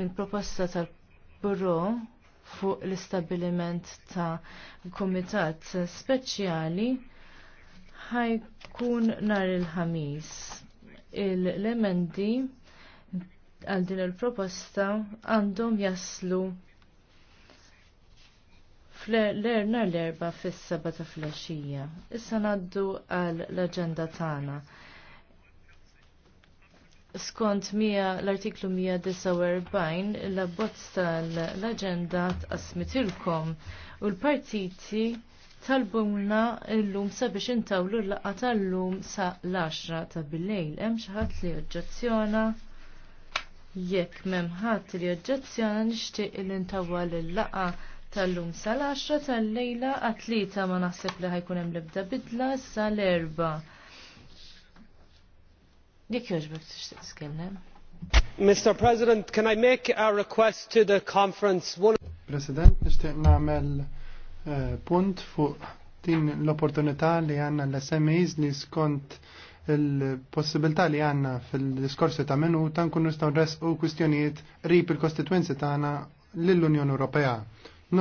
il-proposta tal-Buro fuq l-istabiliment ta' komitat speċjali ħajkun nar il-ħamis. Il-lemendi għal din il-proposta għandhom jaslu fl-erna l-erba fis-seba ta' flexija. Issa naddu għal l-agenda tagħna. Skont l-artiklu 149 l-abbozz tal-agenda tqasmitilkom u l-partiti talbumna l-lum sabiex intawlu l-laqqa tal-lum sa l-10 ta' bil-lejl. Hemm xi ħadd li oġġezzjona jekk m'hemm ħadd li oġġezzjona nixtieq li ntawwal il-laqqa tal-lum sa l-10 tal-lejla għat-tlieta ma naħseb li ħajkun hemm l-ebda bidla sa l-erba' Dik joġbek Mr. President, can I make a request to the conference? President, nixtieq nagħmel eh, punt fuq din l-opportunità li għanna l-SMEs li skont il-possibilità li għanna fil-diskorsi ta' menu ta' nkun nistaw u kwistjonijiet rip il-kostituenzi ta' għana l-Unjoni Ewropea.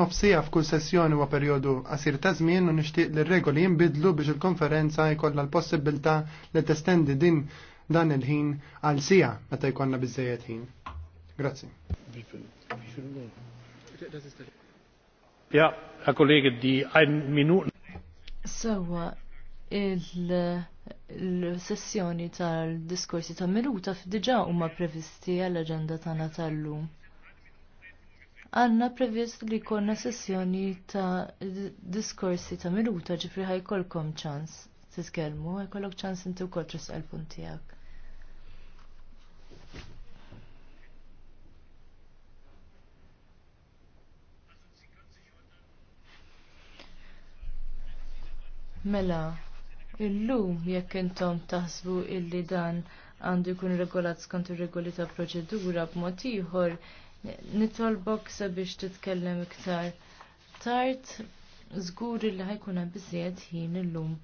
Nofsija f'kull sessjoni u periodu għasir ta' żmien u nixtieq li regoli jinbidlu biex il-konferenza jkollha l-possibilità li testendi din dan il-ħin għal sija meta jkollna biżejjed ħin. Grazzi. Ja, Herr kollegi di ein Minuten. Sewa il-sessjoni tal-diskorsi ta' minuta f'diġa huma previsti għall-aġenda tagħna tal-lum għanna previst li konna sessjoni ta' diskorsi ta' minuta ġifri ħajkolkom ċans. Tiskelmu, ħajkollok ċans inti u kol trisqal puntijak. Mela, illum jekk intom taħsbu illi dan għandu jkun regolat skont ir-regoli ta' proċedura b'mod ieħor, nitolbok sabiex titkellem iktar tard żgur li ħajkun hemm biżejjed ħin illum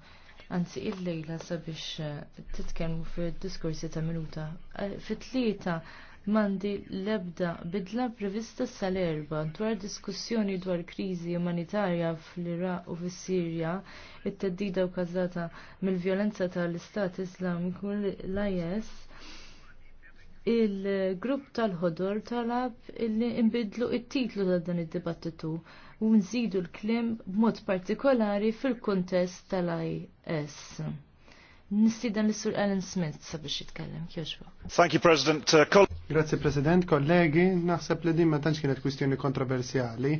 anzi il-lejla sabiex titkellmu fid diskorsi ta' minuta. Eh, fit-tlieta mandi l-ebda bidla prevista sal-erba dwar diskussjoni dwar kriżi umanitarja fl-Iraq u fis-Sirja it-teddida kważata mill-vjolenza tal-Istat Islamiku l-IS il-grupp tal-ħodor talab li imbidlu it-titlu ta' dan id-dibattitu u nżidu l-klim b'mod partikolari fil-kuntest tal-IS. Alan Smith sabiex jitkellem, Thank you, President. Uh, Grazie, President. Kollegi, naħseb li din ma tantx kienet kwistjoni kontroversjali.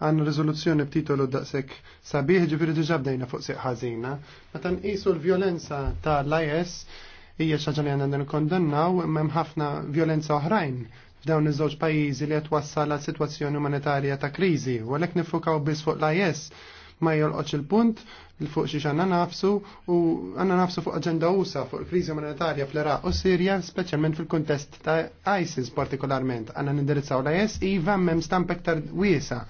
Għan rezoluzzjoni b'titolu daqsek sabiħ ġifiri diġa bdejna fuq seq ħażina. Ma tan l-vjolenza ta' l-IS hija xi ħaġa li għandna nikkondannaw imma hemm ħafna vjolenza oħrajn f'dawn iż-żewġ pajjiżi li qed wassal għal sitwazzjoni umanitarja ta' kriżi u għalhekk nifukaw biss fuq l-IS ma jolqoċ il-punt fuq xiex għanna nafsu u għanna nafsu fuq aġenda USA fuq il-krizi monetarja fl-Iraq u Sirja, speċjalment fil-kontest ta' ISIS partikolarment. Għanna nindirizzaw la IS iva mem stamp ektar wiesa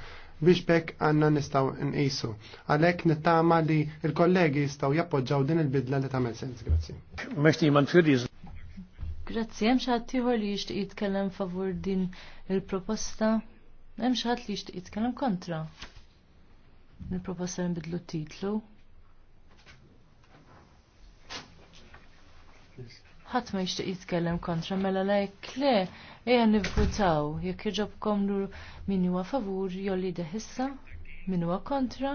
biex bekk għanna nistaw nqisu. Għalek nittama li il-kollegi jistaw jappoġġaw din il-bidla li tamel sens. Grazzi. Meċti man firriż. Grazzi, hemm xi ħadd li jixtieq jitkellem favur din il-proposta? Hemm xi ħadd li jixtieq jitkellem kontra? sa' nbidlu titlu. ħadd ma jixtieq jitkellem kontra mela lajk le ejja nivvutaw jekk iġobkom lur min huwa favur jolli deħissa min huwa kontra.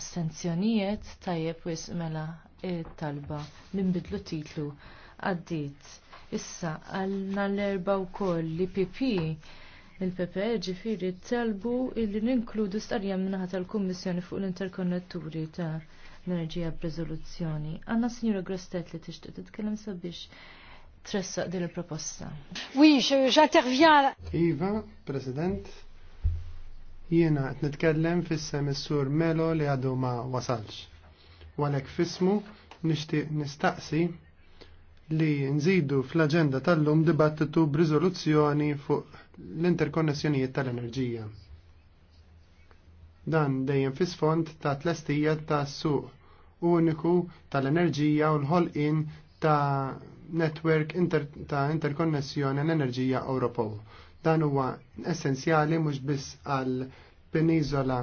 Astenzjonijiet tajjeb wis mela talba li nbidlu titlu għaddit. Issa għalna l-erba wkoll li pipi il-PPE ġifiri t-telbu illi ninkludu starja minnaħa tal-Kummissjoni fuq l-interkonnetturi ta' l-enerġija b'riżoluzzjoni. Għanna Signora Grostet li tixtieq titkellem sabiex tressaq din il-proposta. Oui, j'intervien. Iva, President, jiena qed nitkellem fissem sem is-sur Melo li għadu ma wasalx. Walek fismu nixtieq nistaqsi li nżidu fl-agenda tal-lum dibattitu b'riżoluzzjoni fuq l-interkonnessjonijiet tal-enerġija. Dan dejjem fis fond ta' tlestija ta' suq uniku tal-enerġija u l-ħolqin ta' netwerk inter ta' interkonnessjoni l-enerġija Ewropew. Dan huwa essenzjali mhux biss għal peniżola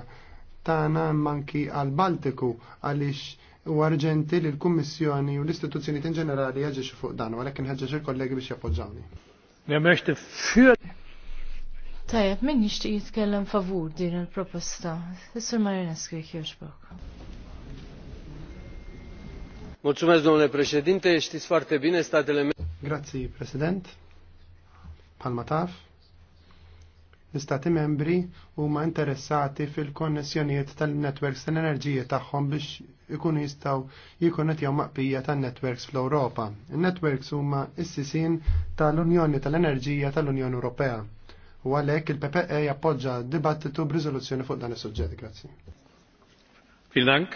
tagħna manki għal Baltiku għaliex u arġenti li l-Kummissjoni u l-istituzzjoni in ġenerali jaġixxu fuq dan, u għalhekk inħeġġeġ il-kollegi biex jappoġġawni. Tajab, minn nishtiq jitkellem favur din il-proposta? Is-Sur Marinescu jkjoġbok. Mulțumesc, domnule Presidente, jishtis farte bine statele me. Grazie, President. Palmataf l-istati membri u ma interessati fil-konnessjonijiet tal-networks tal-enerġija tagħhom biex ikunu jistgħu jikkonnettjaw maqbija tal networks fl-Ewropa. il networks huma s-sisin tal-Unjoni tal-Enerġija tal-Unjoni Ewropea. U għalhekk il-PPE jappoġġa dibattitu b'riżoluzzjoni fuq dan is-suġġett. Grazzi. fil Dank.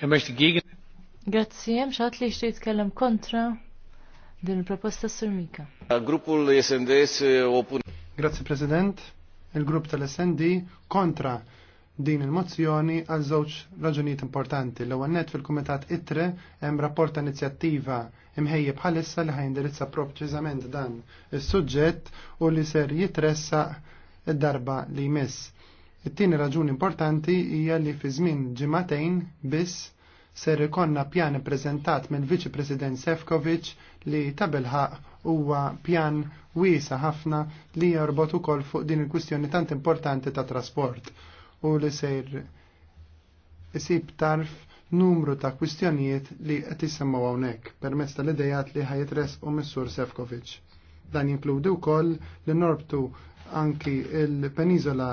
Er möchte Grazzi, hemm xaħat li jixtieq jitkellem kontra din il-proposta s-surmika. Gruppul SNDS eh, opun Grazzi President, il-grupp tal-SND kontra din il-mozzjoni għal żewġ raġunijiet importanti. L-ewwel net fil-Kumitat ITRE hemm rapport ta' inizjattiva imħejjeb bħalissa li ħajindirizza proċiżament dan is-suġġett u li ser jitressaq id-darba li jmiss. It-tieni raġun importanti hija li fi żmien ġimagħtejn biss ser ikonna pjan ippreżentat mill viċi President Sefkovic li tabilħaq huwa pjan wiesa ħafna li jorbot ukoll fuq din il-kwistjoni tant importanti ta' trasport u li sejr isib tarf numru ta' kwistjonijiet li qed isemmaw hawnhekk permezz tal-idejat li res u Missur Sefkovic. Dan jinkludi wkoll li norbtu anki il-Peniżola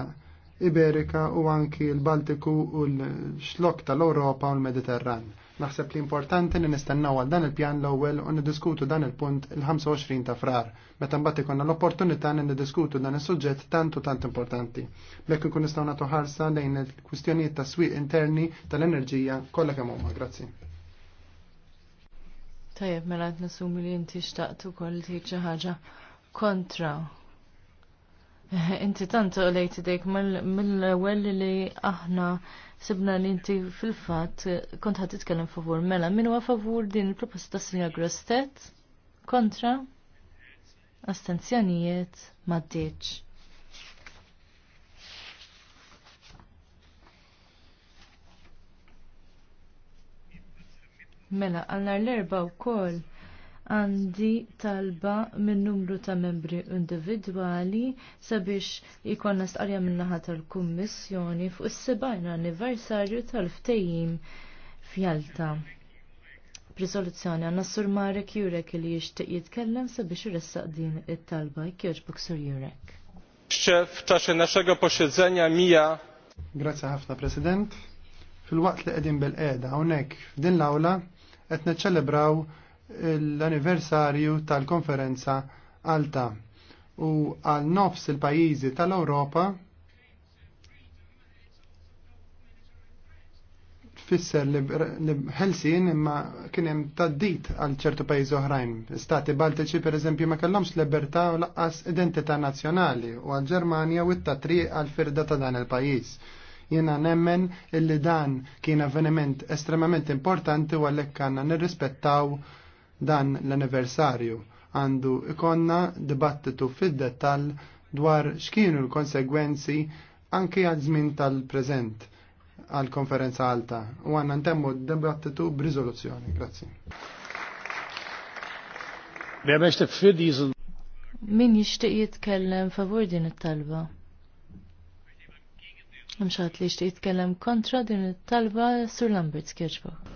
Iberika u anki l-Baltiku u l-xlok tal-Ewropa u l-Mediterran Naħseb li importanti li nistennaw għal dan il-pjan l-ewwel u niddiskutu dan il-punt il-25 ta' frar, meta mbagħad ikonna l-opportunità li niddiskutu dan is-suġġett tantu tant importanti. Bekk ikun nistgħu nagħtu ħarsa lejn il-kwistjonijiet ta' swieq interni tal-enerġija kollha kemm huma. Grazzi. Tajjeb, mela qed li inti xtaqt ukoll xi ħaġa kontra Inti tanto lejti dejk mill-ewwel li aħna sibna li inti fil-fatt kont ħad titkellem favur mela min huwa favur din il-proposta ta' Sinja Grostet kontra astenzjonijiet maddiċ. Mela, għallar l-erba u koll għandi talba minn numru ta' membri individwali sabiex ikonna stqarja min-naħa tal-Kummissjoni fuq is-sebgħin anniversarju tal ftejim f'Jalta. Prisoluzzjoni għanna Sur Marek Jurek li jixtieq jitkellem sabiex jressaq din it-talba jkjoġbok buksur Jurek. F'ċaċe naszego posiedzenia mija. Grazie ħafna President. Fil-waqt li qegħdin bil-qiegħda hawnhekk f'din l-awla qed niċċelebraw l-anniversarju tal-konferenza Alta u għal nofs il-pajizi tal-Europa tfisser li ħelsin imma kien hemm taddit għal ċertu pajjiżi oħrajn. Stati Baltiċi pereżempju ma kellhomx libertà u laqqas identità nazzjonali u għal Ġermanja u t-tatriq għal firda ta' dan il-pajjiż. Jiena nemmen illi dan kien avveniment estremament importanti u għalhekk għandna nirrispettaw dan l-anniversarju għandu ikonna dibattitu fid-dettal dwar x'kienu l-konsegwenzi anki għal żmien tal-preżent għal konferenza alta u għanna ntemmu dibattitu b'riżoluzzjoni. Grazzi. Min jixtieq jitkellem favur din it-talba? Mxat li jishtiq jitkellem kontra din it-talba Sur Lambert Skirchbach.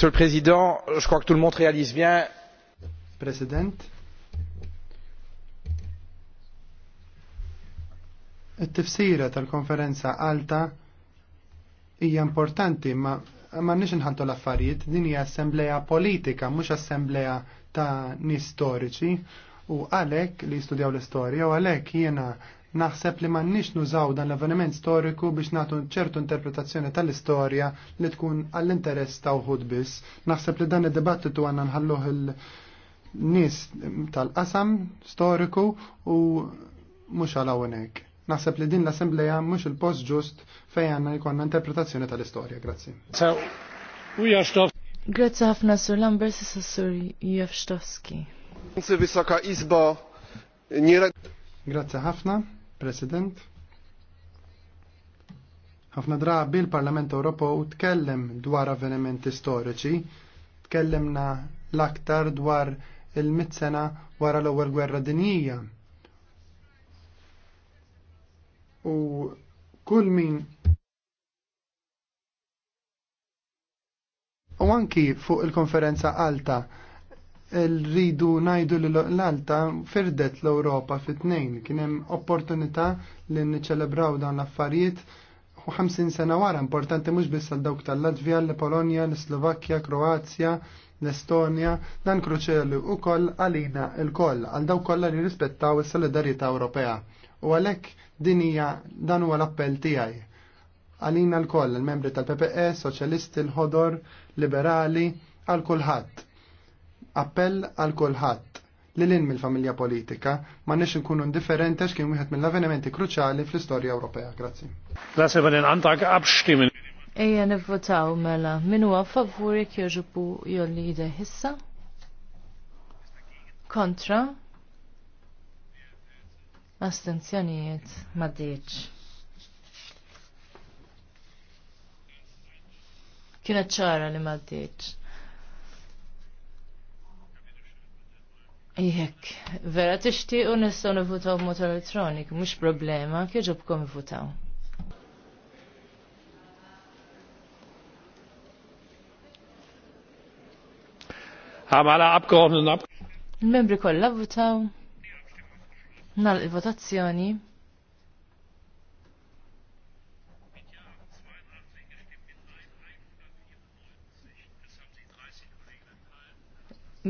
Monsieur le Président, je crois que tout le monde réalise bien. President. it-tifsira tal-konferenza alta hija importanti ma ma nix nħaddu l-affarijiet, din hija assembleja politika, mhux assembleja ta' nistoriċi u għalhekk li jistudjaw l-istorja u għalhekk jiena Naħseb li nix nużaw dan l-avveniment storiku biex nagħtu ċertu interpretazzjoni tal-istorja li tkun għall-interess ta' uħud biss. Naħseb li dan id-dibattitu għandna nħalluh il-nies tal-qasam storiku u mhux għal hawnhekk. Naħseb li din l-assembleja mhux il-post ġust fejn għanna jkollna interpretazzjoni tal-istorja. Grazzi. So, Grazzi ħafna Sur Lambers Sur Jefstowski. Grazie ħafna. President, ħafna drabi l-Parlament Ewropew tkellem dwar avvenimenti storiċi, tkellemna l-aktar dwar il mitsena wara l-ewwel gwerra dinjija. U kull min U anki fuq il-konferenza alta rridu najdu l-Alta firdet l-Europa fit-tnejn. Kienem opportunità li niċelebraw dan l-affarijiet u 50 sena wara importanti mhux biss għal dawk tal-Latvja, l-Polonja, l-Slovakkja, Kroazja, l-Estonja, dan kruċeli wkoll għalina il-koll, għal dawk kollha li rispettaw is-solidarjetà Ewropea. U għalhekk dinija dan huwa l-appell tiegħi. Għalina l-koll, il-membri tal-PPE, Soċjalisti, l-Ħodor, Liberali, għal kulħadd Appell għal kulħadd li l mill-familja politika ma nix nkunu indifferenti għax kien wieħed mill-avvenimenti kruċali fl-istorja Ewropea. Grazzi. Lasse van antrag abstimmen. Ejja nivvotaw mela. Min huwa favuri jekk joġibu jolli jideh issa? Kontra? Astenzjonijiet ma Kienet ċara li ma Jekk, vera t-ixti u nistaw nivutaw b-mot elektronik, mux problema, kieġobkom nivutaw. Għamala abgeordneten ab. Il-membri kollha votaw. Nal il-votazzjoni.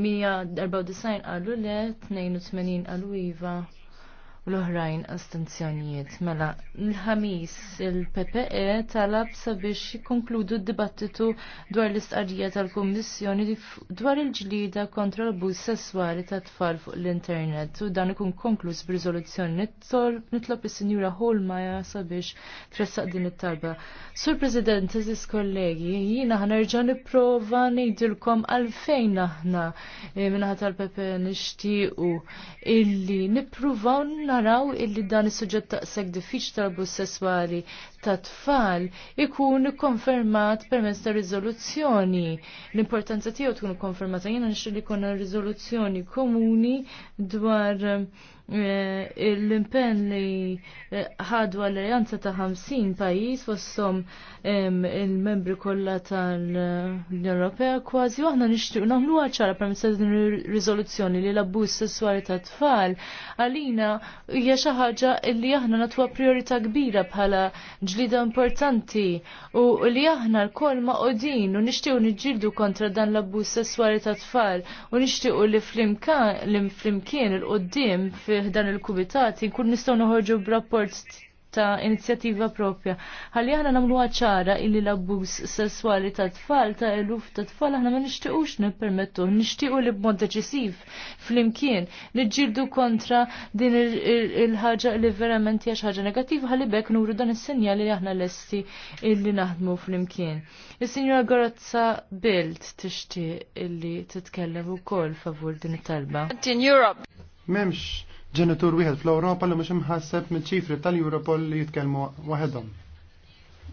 194 għallu le, 82 għallu iva l-oħrajn astenzjonijiet. Mela, l-ħamis il-PPE talab sabiex jikkonkludu d-dibattitu dwar l-istqarrija tal-Kummissjoni dwar il-ġlida kontra l-abbuż sesswali ta' tfal fuq l-internet u dan ikun konkluż b'riżoluzzjoni nitlob is-Sinjura Holmaja sabiex tressaq din it-talba. Sur President, eżis kollegi, jiena ħanerġa' nipprova ngħidilkom għalfejn aħna eh, minħata tal-PPE nixtiequ illi nippruvaw naraw illi dan is-suġġett taqseg diffiċ tal-abbuż sesswali ta' tfal ikun konfermat permezz ta' riżoluzzjoni. L-importanza tiegħu tkun konfermata jiena nixtri li jkollna rizoluzzjoni komuni dwar eh, l-impenn li eh, ħadu alleanza ta' 50 pajjiż fosthom il-membri kollha tal-Unjoni Ewropea kważi aħna nixtieq nagħmlu ċara permezz ta' din riżoluzzjoni li l-abbuż sesswali ta' tfal għalina hija xi ħaġa li aħna natwa priorità kbira bħala ġlida importanti u li aħna l koll ma' odin u nishtiqu nġildu kontra dan l-abbuż sessuali ta' tfal u nishtiqu li flimkien il-qoddim fi dan il-kubitati nkun nistgħu noħorġu b'rapport ta' inizjattiva propja. Ħalli aħna nagħmlu ċara illi l-abbuż sesswali ta' tfal ta' eluf ta' tfal aħna ma nixtiequx nippermettu, nixtiequ li b'mod deċisiv flimkien nġildu kontra din il-ħaġa li verament hija ħaġa negattiva għalli bekk nuru dan is-sinjali li aħna lesti illi naħdmu flimkien. Is-Sinjora Gorazza Bild tixtieq illi titkellem ukoll favur din it-talba. Memx ġenitur wieħed fl-Ewropa li mhux imħasseb miċ-ċifri tal-Europol li jitkellmu waħedhom.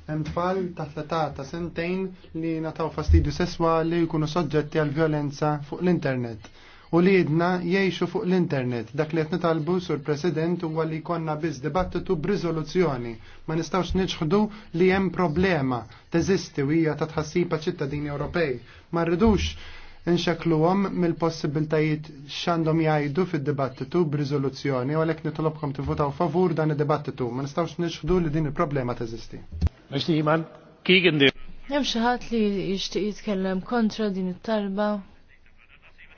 Hemm tfal taħt l-età ta' sentejn li nataw fastidju sesswali jkunu soġġetti għal violenza fuq l-internet. U li jidna jgħixu fuq l-internet. Dak li qed nitalbu sur President huwa li jkollna biss dibattitu b'riżoluzzjoni. Ma nistgħux niġħdu li hemm problema teżisti u hija ta' tħassib ċittadini Ewropej. Ma rridux inxekluhom mill-possibiltajiet x'għandhom jgħidu fid-dibattitu b-rizoluzzjoni u għalhekk nitolobkom tivvutaw favur dan id-dibattitu. Ma nistawx nixħdu li din il-problema teżisti. Hemm xi ħadd li jixtieq jitkellem kontra din it-talba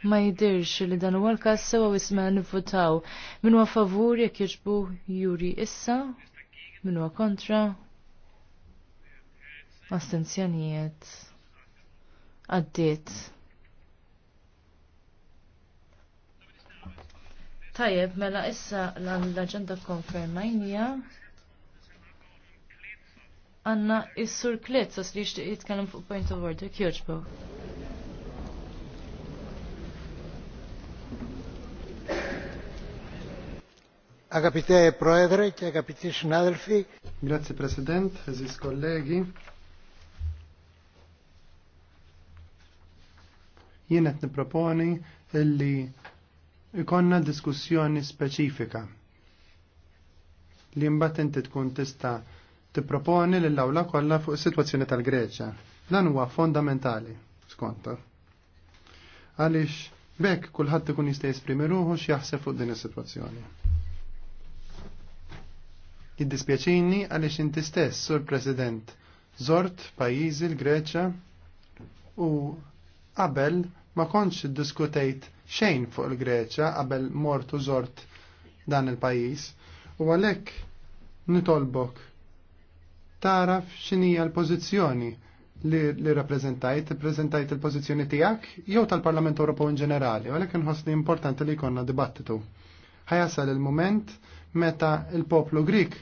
ma jidirx li dan huwa l-każ sewa wisma' mela nifutaw min huwa favur jekk jiġbu juri issa min huwa kontra astenzjonijiet għaddiet. Tajjeb, mela issa l-agenda konfermajnija. Għanna is-sur sas li jixtieq jitkellem fuq point of order, kjoġbu. Agapite Proedre, agapite Xnadelfi. Grazie President, eżis kollegi. Jienet niproponi illi ikonna diskussjoni speċifika li mbagħad inti tkun tista' tipproponi lill awla kollha fuq is-sitwazzjoni tal-Greċja. Dan huwa fondamentali skont. Għaliex bekk kulħadd ikun jista' jesprimi ruħu x'jaħseb fuq din is-sitwazzjoni. Jiddispjaċini għaliex inti stess, Sur President, zort pajjiżi l-Greċja u qabel ma kontx iddiskutejt xejn fuq il-Greċja qabel mort u zort dan il-pajis u għalek nitolbok taraf xinija l-pozizjoni li, li rappresentajt, il-pozizjoni tijak, jew tal-Parlament Ewropew in ġenerali, għalek inħossni importanti li jkollna dibattitu. Ħajasal il-moment meta il-poplu Grik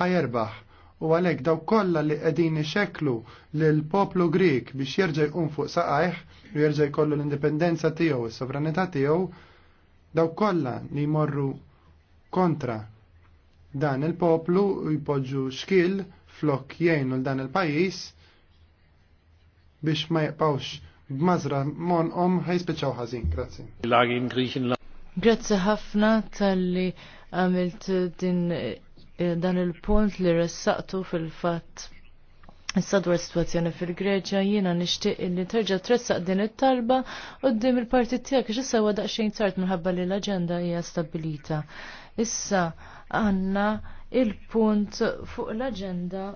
ħajerbaħ u għalek daw kolla li qegħdin xeklu lill-poplu Grik biex jirġaj un fuq saqajh u jirġaj jkollu l-indipendenza tiegħu, s sovranità tiegħu, daw kolla li jmorru kontra dan il-poplu u jpoġġu xkil flok jgħinu l-dan il-pajis biex ma jibqawx b'mażra monqom ħajspiċċaw ħażin. Grazzi. Grazzi ħafna tal-li għamilt din Eh, dan il-punt li ressaqtu fil-fatt Issa dwar situazzjoni fil-Greċja jiena nixtieq li terġa' tressaq din it-talba qudiem il-partit tiegħek għax issa huwa daqsxejn tard minħabba li l-aġenda hija stabilita. Issa għandna il-punt fuq l-aġenda